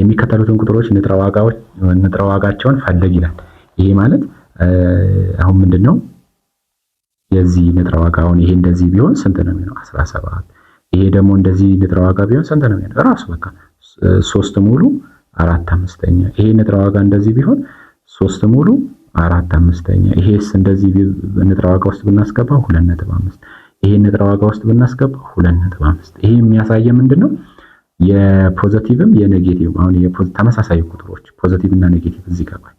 የሚከተሉትን ቁጥሮች ንጥረ ዋጋቸውን ፈልግ ይላል። ይሄ ማለት አሁን ምንድን ነው የዚህ ንጥረ ዋጋ ይሄ እንደዚህ ቢሆን ስንት ነው የሚሆነው? 17 ይሄ ደግሞ እንደዚህ ንጥረ ዋጋ ቢሆን ስንት ነው የሚሆነው? ራሱ በቃ ሶስት ሙሉ አራት አምስተኛ። ይሄ ንጥረ ዋጋ እንደዚህ ቢሆን ሶስት ሙሉ አራት አምስተኛ። ይሄስ እንደዚህ ንጥረ ዋጋ ውስጥ ብናስገባ ሁለት ነጥብ አምስት ይሄ ንጥረ ዋጋ ውስጥ ብናስገባ ሁለት ነጥብ አምስት ይሄ የሚያሳየ ምንድን ነው የፖዘቲቭም የኔጌቲቭ አሁን ተመሳሳይ ቁጥሮች ፖዘቲቭ እና ኔጌቲቭ እዚህ ይገባል።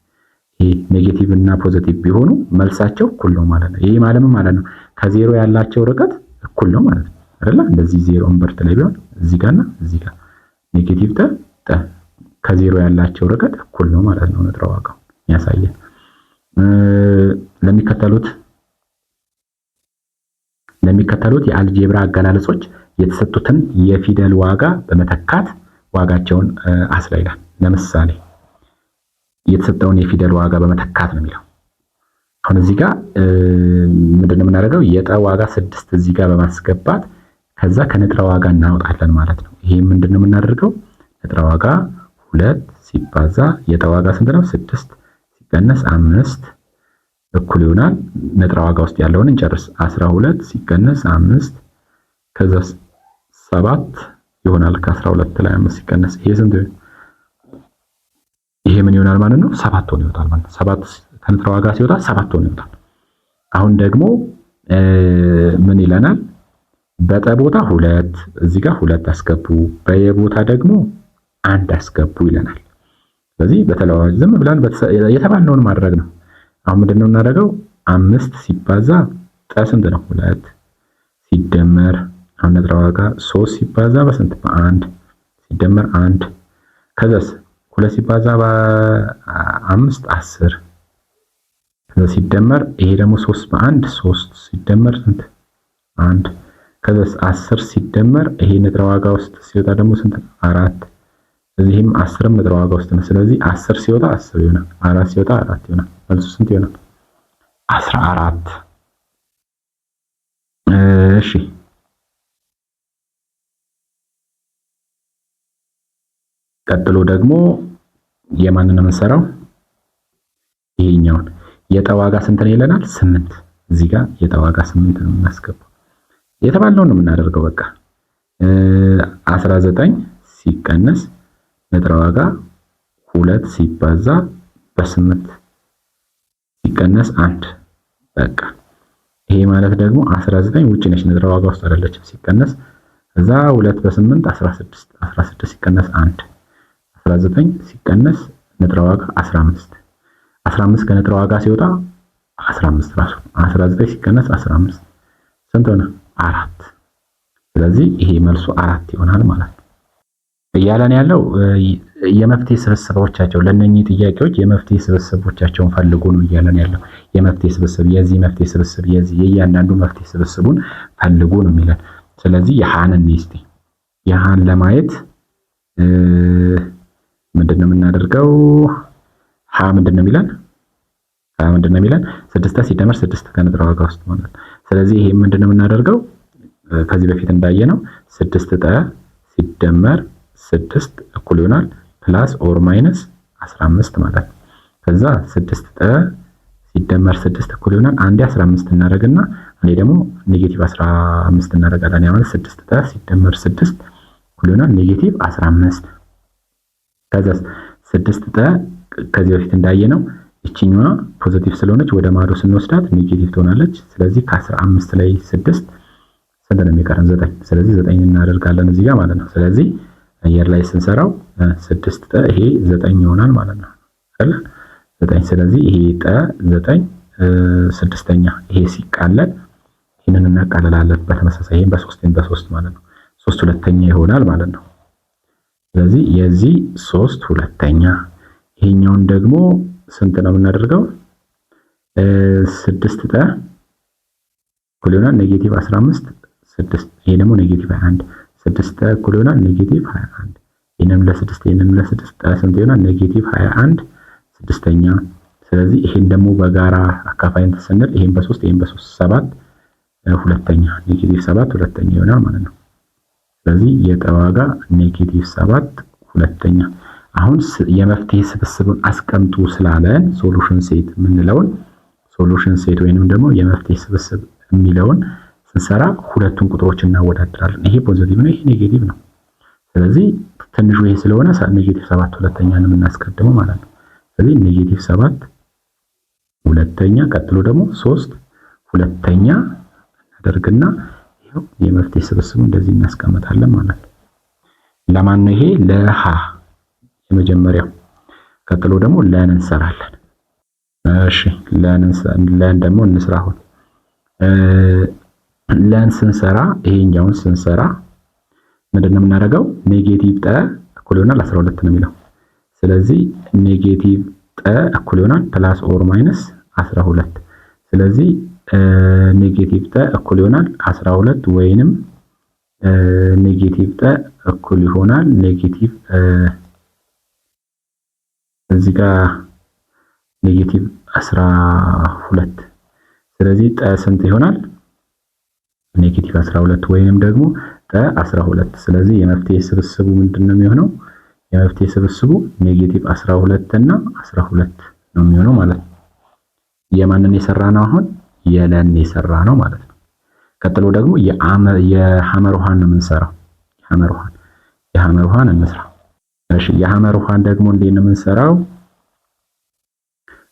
ይሄ ኔጌቲቭ እና ፖዘቲቭ ቢሆኑ መልሳቸው እኩል ነው ማለት ነው። ይሄ ማለምን ማለት ነው ከዜሮ ያላቸው ርቀት እኩል ነው ማለት ነው አይደለ? እንደዚህ ዜሮ እምብርት ላይ ቢሆን እዚህ ጋር ጋርና እዚህ ጋር ኔጌቲቭ ጠ ጠ ከዜሮ ያላቸው ርቀት እኩል ነው ማለት ነው። ንጥረ ዋጋው ያሳየን ለሚከተሉት ለሚከተሉት የአልጄብራ አገላለጾች የተሰጡትን የፊደል ዋጋ በመተካት ዋጋቸውን አስላ ይላል። ለምሳሌ የተሰጠውን የፊደል ዋጋ በመተካት ነው የሚለው። አሁን እዚህ ጋር ምንድን ነው የምናደርገው? የጠ ዋጋ ስድስት እዚህ ጋር በማስገባት ከዛ ከንጥረ ዋጋ እናወጣለን ማለት ነው። ይሄ ምንድን ነው የምናደርገው? ንጥረ ዋጋ ሁለት ሲባዛ የጠ ዋጋ ስንት ነው? ስድስት ሲቀነስ አምስት እኩል ይሆናል። ንጥረ ዋጋ ውስጥ ያለውን እንጨርስ። አስራ ሁለት ሲቀነስ አምስት ከዛ ሰባት ይሆናል ከአስራ ሁለት ላይ አምስት ሲቀነስ ይሄ ስንት ይሄ ምን ይሆናል ማለት ነው? ሰባት ሆኖ ይወጣል ማለት ነው። ሰባት ከንጥረ ዋጋ ሲወጣ ሰባት ሆኖ ይወጣል። አሁን ደግሞ ምን ይለናል? በጠ ቦታ ሁለት እዚህ ጋር ሁለት አስገቡ፣ በየ ቦታ ደግሞ አንድ አስገቡ ይለናል። ስለዚህ በተለዋዋጅ ዝም ብለን የተባልነውን ማድረግ ነው። አሁን ምንድነው እናደርገው? አምስት ሲባዛ ጠ ስንት ነው? ሁለት ሲደመር አሁን ንጥረ ዋጋ ሶስት ሲባዛ በስንት በአንድ ሲደመር አንድ ከዛስ ሁለት ሲባዛ በአምስት አስር ከዛ ሲደመር ይሄ ደግሞ ሶስት በአንድ ሶስት ሲደመር ስንት አንድ ከዛስ አስር ሲደመር ይሄ ንጥረ ዋጋ ውስጥ ሲወጣ ደግሞ ስንት አራት እዚህም አስርም ንጥረ ዋጋ ውስጥ ነው። ስለዚህ አስር ሲወጣ አስር ይሆናል። አራት ሲወጣ አራት ይሆናል። መልሱ ስንት ይሆናል? አስራ አራት እሺ ቀጥሎ ደግሞ የማንን ነው የምንሰራው? ይሄኛውን የጠዋጋ ስንት ነው ይለናል? ስምንት እዚህ ጋር የጠዋጋ ስምንት ነው የምናስገባው። የተባለውን ነው የምናደርገው። በቃ 19 ሲቀነስ ንጥረ ዋጋ ሁለት ሲባዛ በስምንት ሲቀነስ አንድ በቃ ይሄ ማለት ደግሞ 19 ውጭ ነች፣ ንጥረ ዋጋ ውስጥ አይደለችም። ሲቀነስ እዛ ሁለት በስምንት 16 16 ሲቀነስ አንድ 19 ሲቀነስ ንጥረ ዋጋ 15 15 ከንጥረ ዋጋ ሲወጣ 15 ራሱ 19 ሲቀነስ 15 ስንት ሆነ? አራት ስለዚህ ይሄ መልሱ አራት ይሆናል ማለት ነው። እያለን ያለው የመፍትሄ ስብስቦቻቸው ለእነኚህ ጥያቄዎች የመፍትሄ ስብስቦቻቸውን ፈልጉ ነው እያለን ያለው። የመፍትሄ ስብስብ የዚህ መፍትሄ ስብስብ የዚህ የእያንዳንዱ መፍትሄ ስብስቡን ፈልጉ ነው የሚለን። ስለዚህ የሃን እንስቲ የሃን ለማየት ምንድን ነው የምናደርገው? ሀ ምንድን ነው የሚለን? ሀ ምንድን ነው የሚለን? ስድስተ ሲደመር ስድስት ከንጥረ ዋጋ ውስጥ ማለት። ስለዚህ ይሄ ምንድን ነው የምናደርገው? ከዚህ በፊት እንዳየነው ስድስት ጠ ሲደመር ስድስት እኩል ይሆናል ፕላስ ኦር ማይነስ አስራ አምስት ማለት ነው። ከዛ ስድስት ጠ ሲደመር ስድስት እኩል ይሆናል አንዴ አስራ አምስት እናደርግና አንዴ ደግሞ ኔጌቲቭ አስራ አምስት እናደርጋለን። ያ ማለት ስድስት ጠ ሲደመር ስድስት እኩል ይሆናል ኔጌቲቭ አስራ አምስት ከዚያስ ስድስት ጠ ከዚህ በፊት ነው ይችኛዋ ፖዘቲቭ ስለሆነች ወደ ማዶ ስንወስዳት ኔጌቲቭ ትሆናለች። ስለዚህ ከአስራ አምስት ላይ ስድስት ስንት ነው የሚቀረን? ዘጠኝ። ስለዚህ ዘጠኝ እናደርጋለን እዚህ ጋር ማለት ነው። ስለዚህ አየር ላይ ስንሰራው ስድስት ጠ ይሄ ዘጠኝ ይሆናል ማለት ነው አይደል? ዘጠኝ። ስለዚህ ይሄ ጠ ዘጠኝ ስድስተኛ ይሄ ሲቃለል ይህንን እናቃለላለን። በተመሳሳይ ይህም በሶስት በሶስት ማለት ነው ሶስት ሁለተኛ ይሆናል ማለት ነው። ስለዚህ የዚህ ሶስት ሁለተኛ ይሄኛውን ደግሞ ስንት ነው የምናደርገው? ስድስት ጠ እኩል ይሆናል ኔጌቲቭ 15 6 ይሄ ደግሞ ኔጌቲቭ 21 6 ጠ እኩል ይሆናል ኔጌቲቭ 21 ይሄንም ለ6 ይሄንም ለ6 ጠ ስንት ይሆናል ኔጌቲቭ 21 ስድስተኛ። ስለዚህ ይሄን ደግሞ በጋራ አካፋይነት ስንል ይሄን በ3 ይሄን በ3 7 ሁለተኛ ኔጌቲቭ 7 ሁለተኛ ይሆናል ማለት ነው። ስለዚህ የጠ ዋጋ ኔጌቲቭ ሰባት ሁለተኛ። አሁን የመፍትሄ ስብስቡን አስቀምጡ ስላለን ሶሉሽን ሴት የምንለውን ሶሉሽን ሴት ወይንም ደግሞ የመፍትሄ ስብስብ የሚለውን ስንሰራ ሁለቱን ቁጥሮች እናወዳድራለን። ይሄ ፖዚቲቭ ነው፣ ይሄ ኔጌቲቭ ነው። ስለዚህ ትንሹ ይሄ ስለሆነ ኔጌቲቭ ሰባት ሁለተኛ ነው የምናስቀድመው ማለት ነው። ስለዚህ ኔጌቲቭ ሰባት ሁለተኛ፣ ቀጥሎ ደግሞ ሶስት ሁለተኛ እናደርግና ነው። የመፍትሄ ስብስቡ እንደዚህ እናስቀምጣለን ማለት ነው። ለማን ነው ይሄ? ለሃ የመጀመሪያው። ቀጥሎ ደግሞ ለን እንሰራለን። እሺ ለን ደግሞ እንስራ። አሁን ለን ስንሰራ ይሄኛውን ስንሰራ ምንድነው የምናደርገው? ኔጌቲቭ ጠ እኩል ይሆናል 12 ነው የሚለው። ስለዚህ ኔጌቲቭ ጠ እኩል ይሆናል ፕላስ ኦር ማይነስ 12 ስለዚህ ኔጌቲቭ ጠ እኩል ይሆናል 12 ወይንም ኔጌቲቭ ጠ እኩል ይሆናል ኔጌቲቭ እዚህ ጋር ኔጌቲቭ 12 ስለዚህ ጠ ስንት ይሆናል? ኔጌቲቭ 12 ወይንም ደግሞ ጠ 12 ስለዚህ የመፍትሄ ስብስቡ ምንድነው የሚሆነው? የመፍትሄ ስብስቡ ኔጌቲቭ 12 እና 12 ነው የሚሆነው ማለት ነው። የማንን የሰራ ነው አሁን የለን የሰራ ነው ማለት ነው። ቀጥሎ ደግሞ የሐመር ውሃን ነው የምንሰራው። የሐመር ውሃን የሐመር ውሃን እንስራ። እሺ የሐመር ውሃን ደግሞ እንዴት ነው የምንሰራው?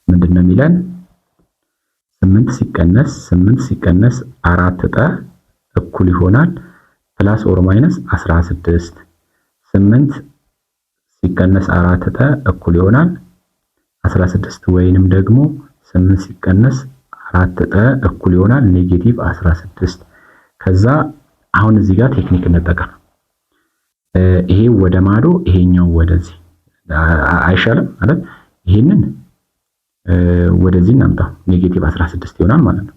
ምንድን ነው የሚለን? ስምንት ሲቀነስ ስምንት ሲቀነስ አራት ጠ እኩል ይሆናል ፕላስ ኦር ማይነስ 16 ስምንት ሲቀነስ አራት ጠ እኩል ይሆናል 16 ወይንም ደግሞ ስምንት ሲቀነስ አራት ጠ እኩል ይሆናል ኔጌቲቭ 16። ከዛ አሁን እዚህ ጋር ቴክኒክ እንጠቀም። ይሄ ወደ ማዶ ይሄኛው ወደዚህ አይሻልም ማለት ይሄንን ወደዚህ እናምጣው ኔጌቲቭ 16 ይሆናል ማለት ነው።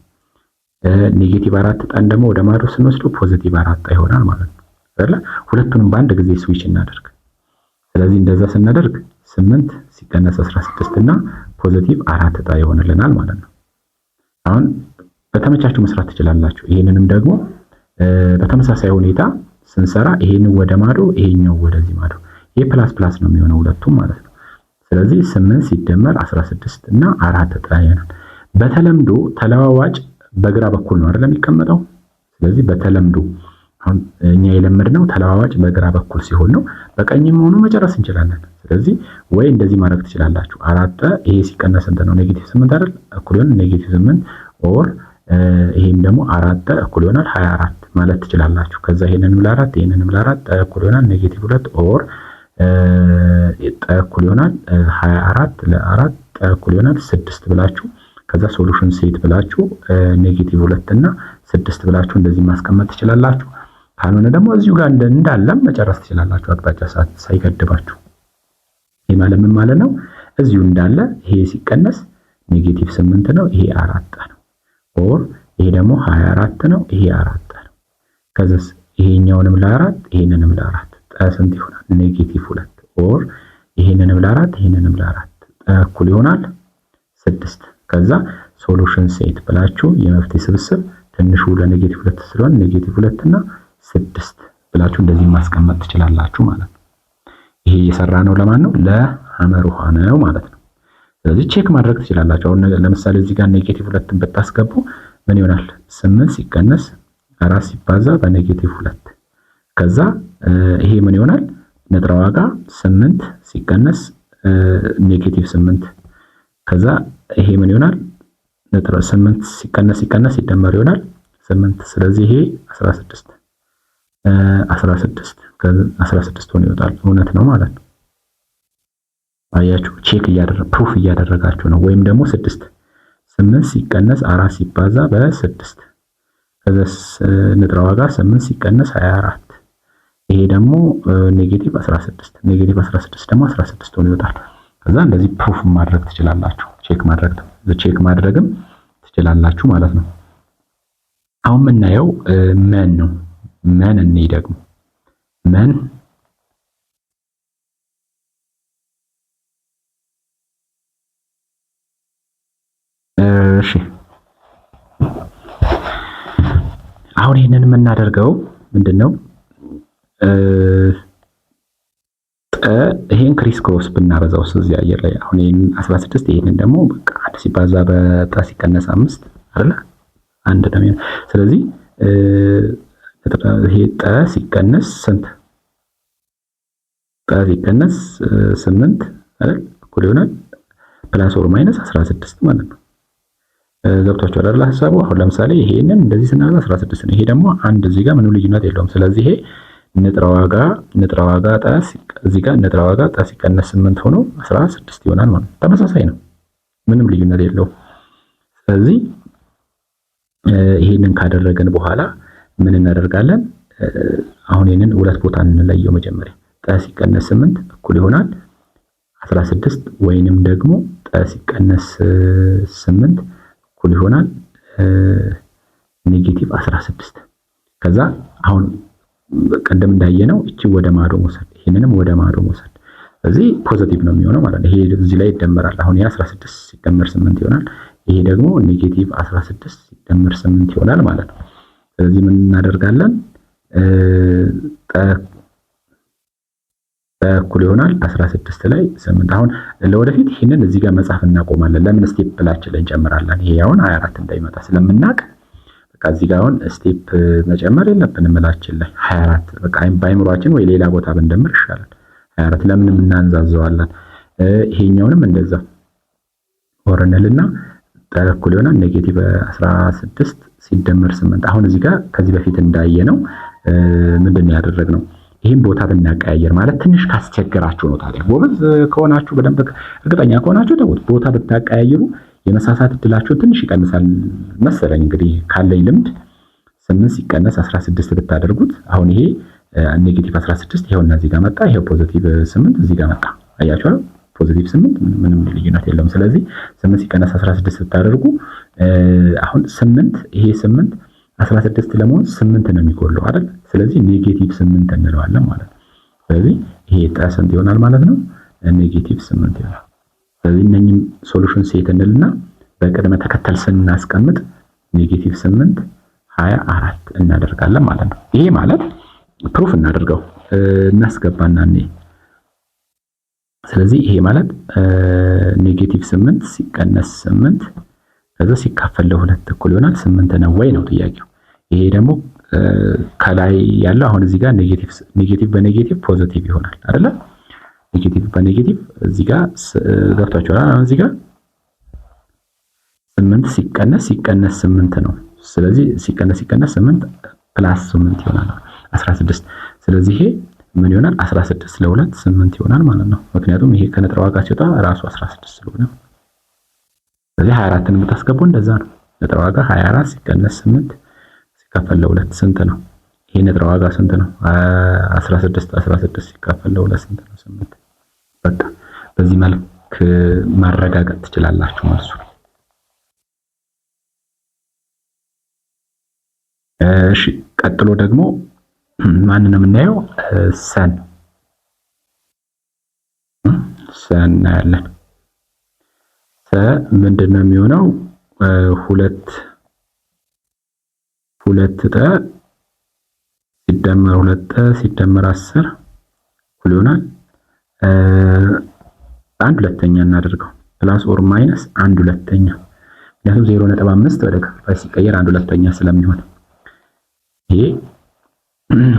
ኔጌቲቭ አራት ጠን ደግሞ ወደ ማዶ ስንወስደው ፖዚቲቭ አራት ይሆናል ማለት ነው አይደል? ሁለቱንም በአንድ ጊዜ ስዊች እናደርግ። ስለዚህ እንደዛ ስናደርግ ስምንት ሲቀነስ 16 እና ፖዚቲቭ አራት ጣ ይሆንልናል ማለት ነው። አሁን በተመቻችሁ መስራት ትችላላችሁ። ይሄንንም ደግሞ በተመሳሳይ ሁኔታ ስንሰራ ይሄንን ወደ ማዶ ይሄኛው ወደዚህ ማዶ ይሄ ፕላስ ፕላስ ነው የሚሆነው ሁለቱም ማለት ነው። ስለዚህ ስምንት ሲደመር አስራ ስድስት እና አራት ተጠያየናል። በተለምዶ ተለዋዋጭ በግራ በኩል ነው አይደል የሚቀመጠው። ስለዚህ በተለምዶ እኛ የለመድነው ተለዋዋጭ በግራ በኩል ሲሆን ነው። በቀኝም ሆኖ መጨረስ እንችላለን። ስለዚህ ወይ እንደዚህ ማድረግ ትችላላችሁ። አራጠ ይሄ ሲቀነስ ስንት ነው? ኔጌቲቭ ስምንት አይደል? እኩል ይሆናል ኔጌቲቭ ስምንት ኦር ይሄም ደግሞ አራጠ እኩል ይሆናል ሀያ አራት ማለት ትችላላችሁ። ከዛ ይሄንንም ለአራት ይሄንንም ለአራት ጠ እኩል ይሆናል ኔጌቲቭ ሁለት ኦር ጠ እኩል ይሆናል ሀያ አራት ለአራት እኩል ይሆናል ስድስት ብላችሁ ከዛ ሶሉሽን ሴት ብላችሁ ኔጌቲቭ ሁለት እና ስድስት ብላችሁ እንደዚህ ማስቀመጥ ትችላላችሁ። ካልሆነ ደግሞ እዚሁ ጋር እንዳለም መጨረስ ትችላላችሁ፣ አቅጣጫ ሳይገድባችሁ። ይህ ማለት ምን ማለት ነው? እዚሁ እንዳለ ይሄ ሲቀነስ ኔጌቲቭ ስምንት ነው፣ ይሄ አራት ነው። ኦር ይሄ ደግሞ ሀያ አራት ነው፣ ይሄ አራት ነው። ከዚስ ይሄኛውንም ለአራት ይሄንንም ለአራት ጠ ስንት ይሆናል? ኔጌቲቭ ሁለት ኦር ይሄንንም ለአራት ይሄንንም ለአራት ጠ እኩል ይሆናል ስድስት። ከዛ ሶሉሽን ሴት ብላችሁ የመፍትሄ ስብስብ ትንሹ ለኔጌቲቭ ሁለት ስለሆነ ኔጌቲቭ ሁለት እና ስድስት ብላችሁ እንደዚህ ማስቀመጥ ትችላላችሁ ማለት ነው። ይሄ እየሰራ ነው ለማን ነው? ለሐመር ውሃ ነው ማለት ነው። ስለዚህ ቼክ ማድረግ ትችላላችሁ። አሁን ለምሳሌ እዚህ ጋር ኔጌቲቭ ሁለትን ብታስገቡ ምን ይሆናል? ስምንት ሲቀነስ አራት ሲባዛ በኔጌቲቭ ሁለት ከዛ ይሄ ምን ይሆናል? ንጥረ ዋጋ ስምንት ሲቀነስ ኔጌቲቭ ስምንት ከዛ ይሄ ምን ይሆናል? ንጥረ ስምንት ሲቀነስ ሲቀነስ ሲደመር ይሆናል ስምንት ስለዚህ ይሄ አስራ ስድስት 16 ስድስት ሆኖ ይወጣል። እውነት ነው ማለት ነው። አያችሁ ቼክ እያደረገ ፕሩፍ እያደረጋችሁ ነው። ወይም ደግሞ ስድስት ስምንት ሲቀነስ አራት ሲባዛ በስድስት ከዛ ንጥረ ዋጋ ስምንት ሲቀነስ ሀያ አራት ይሄ ደግሞ ኔጌቲቭ አስራ ስድስት ኔጌቲቭ አስራ ስድስት ደግሞ አስራ ስድስት ሆኖ ይወጣል። ከዛ እንደዚህ ፕሩፍ ማድረግ ትችላላችሁ። ቼክ ማድረግ ቼክ ማድረግም ትችላላችሁ ማለት ነው። አሁን የምናየው መን ነው መን እንይ ደግሞ መን እሺ አሁን ይህንን የምናደርገው ምንድን ነው? ይሄን ክሪስ ክሮስ ብናበዛው እዚህ አየር ላይ አሁን ይሄን 16 ይሄንን ደግሞ በቃ አንድ ሲባዛ በጣ ሲቀነስ አምስት አይደለ አንድ ነው። ስለዚህ ይሄ ጠ ሲቀነስ ስንት? ጠ ሲቀነስ ስምንት አይደል? እኩል ይሆናል ፕላስ ኦር ማይነስ 16 ማለት ነው። ገብቷችኋል አይደል ሀሳቡ? አሁን ለምሳሌ ይሄንን እንደዚህ ስናደርግ 16 ነው። ይሄ ደግሞ አንድ እዚህ ጋር ምንም ልዩነት የለውም። ስለዚህ ይሄ ንጥረ ዋጋ ንጥረ ዋጋ ጠ እዚህ ጋር ንጥረ ዋጋ ጠ ሲቀነስ ስምንት ሆኖ 16 ይሆናል ማለት ነው። ተመሳሳይ ነው፣ ምንም ልዩነት የለውም። ስለዚህ ይሄንን ካደረግን በኋላ ምን እናደርጋለን? አሁን ይህንን ሁለት ቦታ እንለየው። መጀመሪያ ጠ ሲቀነስ ስምንት እኩል ይሆናል 16 ወይንም ደግሞ ጠ ሲቀነስ ስምንት እኩል ይሆናል ኔጌቲቭ 16። ከዛ አሁን ቀደም እንዳየነው እቺ ወደ ማዶ መውሰድ ይህንንም ወደ ማዶ መውሰድ እዚህ ፖዘቲቭ ነው የሚሆነው ማለት ነው። ይሄ እዚህ ላይ ይደመራል። አሁን ይሄ 16 ሲደመር 8 ይሆናል። ይሄ ደግሞ ኔጌቲቭ 16 ሲደመር 8 ይሆናል ማለት ነው። ስለዚህ ምን እናደርጋለን? እኩል ይሆናል 16 ላይ 8። አሁን ለወደፊት ይህንን እዚህ ጋር መጻፍ እናቆማለን። ለምን ስቴፕ ስቴፕላችን ላይ እንጨምራለን? ይሄ አሁን 24 እንዳይመጣ ስለምናቅ በቃ እዚህ ጋር አሁን ስቴፕ መጨመር የለብንም እላችን ላይ 24 በቃ በአይምሯችን ወይ ሌላ ቦታ ብንደምር ይሻላል። 24 ለምንም እናንዛዘዋለን። ይሄኛውንም እንደዛ ወረነልና በእኩል ይሆናል ኔጌቲቭ 16 ሲደመር 8። አሁን እዚህ ጋር ከዚህ በፊት እንዳየ ነው ምንድን ነው ያደረግነው? ይህም ቦታ ብናቀያየር ማለት ትንሽ ካስቸግራችሁ ነው። ታዲያ ጎበዝ ከሆናችሁ በደንብ እርግጠኛ ከሆናችሁ ተውት። ቦታ ብታቀያይሩ የመሳሳት እድላችሁን ትንሽ ይቀንሳል መሰለኝ እንግዲህ ካለኝ ልምድ ስምንት ሲቀነስ 16 ብታደርጉት አሁን ይሄ ኔጌቲቭ 16 ይሄውና እዚህ ጋር መጣ። ይሄው ፖዘቲቭ 8 እዚህ ጋር መጣ። አያችኋል። ፖዚቲቭ ስምንት ምንም ልዩነት የለውም። ስለዚህ ስምንት ሲቀነስ ስድስት ስታደርጉ አሁን ስምንት ይሄ ስምንት ስድስት ለመሆን ስምንት ነው የሚጎለው አይደል? ስለዚህ ኔጌቲቭ ስምንት እንለዋለን ማለት ነው። ስለዚህ ይሄ ጠስንት ይሆናል ማለት ነው? ኔጌቲቭ ስምንት ይሆናል። ስለዚህ እነኝም ሶሉሽን ሴት እንልና በቅድመ ተከተል ስናስቀምጥ ኔጌቲቭ ስምንት ሀያ አራት እናደርጋለን ማለት ነው። ይሄ ማለት ፕሩፍ እናደርገው እናስገባና እኔ ስለዚህ ይሄ ማለት ኔጌቲቭ ስምንት ሲቀነስ ስምንት ከዛ ሲካፈል ለሁለት እኩል ይሆናል ስምንት ነው ወይ ነው ጥያቄው። ይሄ ደግሞ ከላይ ያለው አሁን እዚህ ጋር ኔጌቲቭ ኔጌቲቭ በኔጌቲቭ ፖዚቲቭ ይሆናል አይደለ? ኔጌቲቭ በኔጌቲቭ እዚህ ጋር ገብቷችኋል። አሁን እዚህ ጋር ስምንት ሲቀነስ ሲቀነስ ስምንት ነው። ስለዚህ ሲቀነስ ሲቀነስ ስምንት ፕላስ ስምንት ይሆናል አስራ ስድስት ስለዚህ ይሄ ምን ይሆናል? 16 ለሁለት 8 ይሆናል ማለት ነው። ምክንያቱም ይሄ ከነጥብ ዋጋ ሲወጣ ራሱ 16 ስለሆነ ስለዚህ 24ን የምታስገቡ እንደዛ ነው። ነጥብ ዋጋ 24 ሲቀነስ 8 ሲካፈል ለሁለት ስንት ነው? ይሄ ነጥብ ዋጋ ስንት ነው? 16 16 ሲካፈል ለሁለት ስንት ነው? 8 በቃ በዚህ መልክ ማረጋገጥ ትችላላችሁ መልሱ። እሺ ቀጥሎ ደግሞ ማንን ነው የምናየው? ሰን ሰን እናያለን። ሰ ምንድን ነው የሚሆነው? ሁለት ሁለት ጠ ሲደመር ሁለት ጠ ሲደመር አስር እኩል ይሆናል። አንድ ሁለተኛ እናደርገው ፕላስ ኦር ማይነስ አንድ ሁለተኛ ምክንያቱም ዜሮ ነጥብ አምስት ወደ ከፋይ ሲቀየር አንድ ሁለተኛ ስለሚሆን ይሄ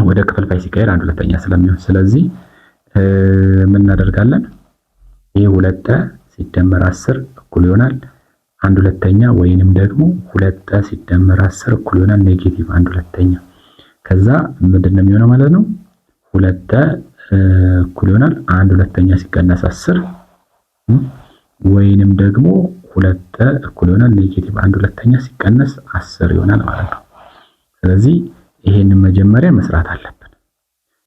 ወደ ክፍልፋይ ሲካሄድ አንድ ሁለተኛ ስለሚሆን ስለዚህ ምን እናደርጋለን? ይህ ሁለት ሲደመር አስር እኩል ይሆናል አንድ ሁለተኛ ወይንም ደግሞ ሁለት ሲደመር አስር እኩል ይሆናል ኔጌቲቭ አንድ ሁለተኛ። ከዛ ምንድን ነው የሚሆነው ማለት ነው ሁለት እኩል ይሆናል አንድ ሁለተኛ ሲቀነስ አስር ወይንም ደግሞ ሁለት እኩል ይሆናል ኔጌቲቭ አንድ ሁለተኛ ሲቀነስ አስር ይሆናል ማለት ነው። ስለዚህ ይሄንን መጀመሪያ መስራት አለብን።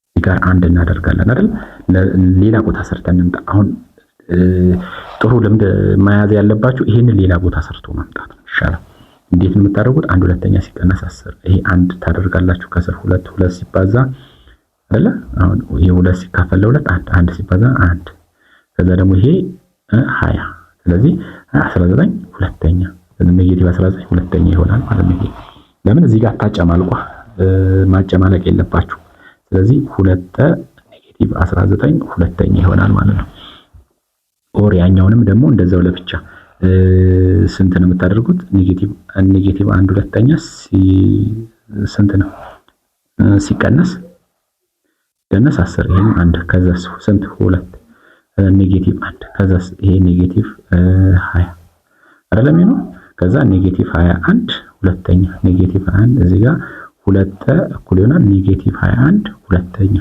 እዚህ ጋር አንድ እናደርጋለን አይደል? ሌላ ቦታ ሰርተን እንጣ። አሁን ጥሩ ልምድ መያዝ ያለባችሁ ይሄንን ሌላ ቦታ ሰርቶ ማምጣት ነው ይሻላል። እንዴት ነው የምታደርጉት? አንድ ሁለተኛ ሲቀነስ አስር ይሄ አንድ ታደርጋላችሁ። ከስር ሁለት ሁለት ሲባዛ አይደለ? አሁን ይሄ ሁለት ሲካፈል ለሁለት አንድ አንድ ሲባዛ አንድ ከዛ ደግሞ ይሄ ሀያ ስለዚህ 19 ሁለተኛ ኔጌቲቭ 19 ሁለተኛ ይሆናል ማለት ነው። ለምን እዚህ ጋር አታጨማልቋ ማጨማለቅ የለባችሁ። ስለዚህ ሁለተ ኔጌቲቭ 19 ሁለተኛ ይሆናል ማለት ነው። ኦር ያኛውንም ደግሞ እንደዛው ለብቻ ስንት ነው የምታደርጉት? ኔጌቲቭ ኔጌቲቭ አንድ ሁለተኛ ስንት ነው ሲቀነስ ሲቀነስ አስር ይሄም አንድ ከዛ ስንት ሁለት ኔጌቲቭ አንድ ከዛ ይሄ ኔጌቲቭ ሀያ አይደለም ነው። ከዛ ኔጌቲቭ ሀያ አንድ ሁለተኛ ኔጌቲቭ አንድ እዚህ ጋር ሁለተ እኩል ይሆናል ኔጌቲቭ 21 ሁለተኛ።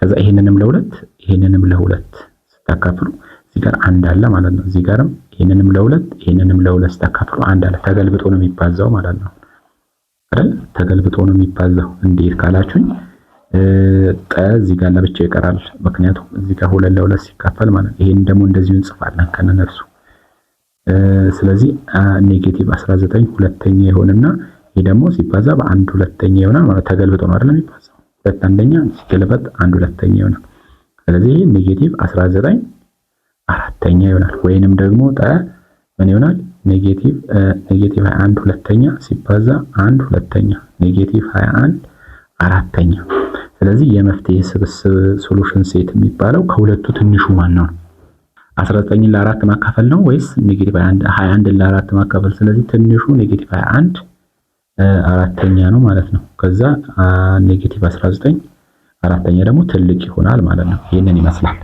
ከዛ ይሄንንም ለሁለት ይሄንንም ለሁለት ስታካፍሉ እዚህ ጋር አንድ አለ ማለት ነው። እዚህ ጋርም ይሄንንም ለሁለት ይሄንንም ለሁለት ስታካፍሉ አንድ አለ። ተገልብጦ ነው የሚባዛው ማለት ነው አይደል? ተገልብጦ ነው የሚባዛው። እንዴት ካላችሁኝ ጠ እዚህ ጋር ለብቻ ይቀራል። ምክንያቱም እዚህ ጋር ሁለት ለሁለት ሲካፈል ማለት ነው። ይሄን ደግሞ እንደዚሁ እንጽፋለን ከነነፍሱ። ስለዚህ ኔጌቲቭ 19 ሁለተኛ ይሆንና ይህ ደግሞ ሲባዛ በአንድ ሁለተኛ ይሆናል ማለት ተገልብጦ ነው አይደል የሚባዛው ሁለት አንደኛ ሲገለበጥ አንድ ሁለተኛ ይሆናል። ስለዚህ ይህ ኔጌቲቭ 19 አራተኛ ይሆናል። ወይንም ደግሞ ጠ ምን ይሆናል? ኔጌቲቭ ኔጌቲቭ 21 ሁለተኛ ሲባዛ አንድ ሁለተኛ ኔጌቲቭ 21 አራተኛ። ስለዚህ የመፍትሄ ስብስብ ሶሉሽን ሴት የሚባለው ከሁለቱ ትንሹ ማን ነው። 19 ለአራት ማካፈል ነው ወይስ ኔጌቲቭ 21 21 ለአራት ማካፈል? ስለዚህ ትንሹ ኔጌቲቭ 21 አራተኛ ነው ማለት ነው። ከዛ ኔጌቲቭ 19 አራተኛ ደግሞ ትልቅ ይሆናል ማለት ነው። ይህንን ይመስላል።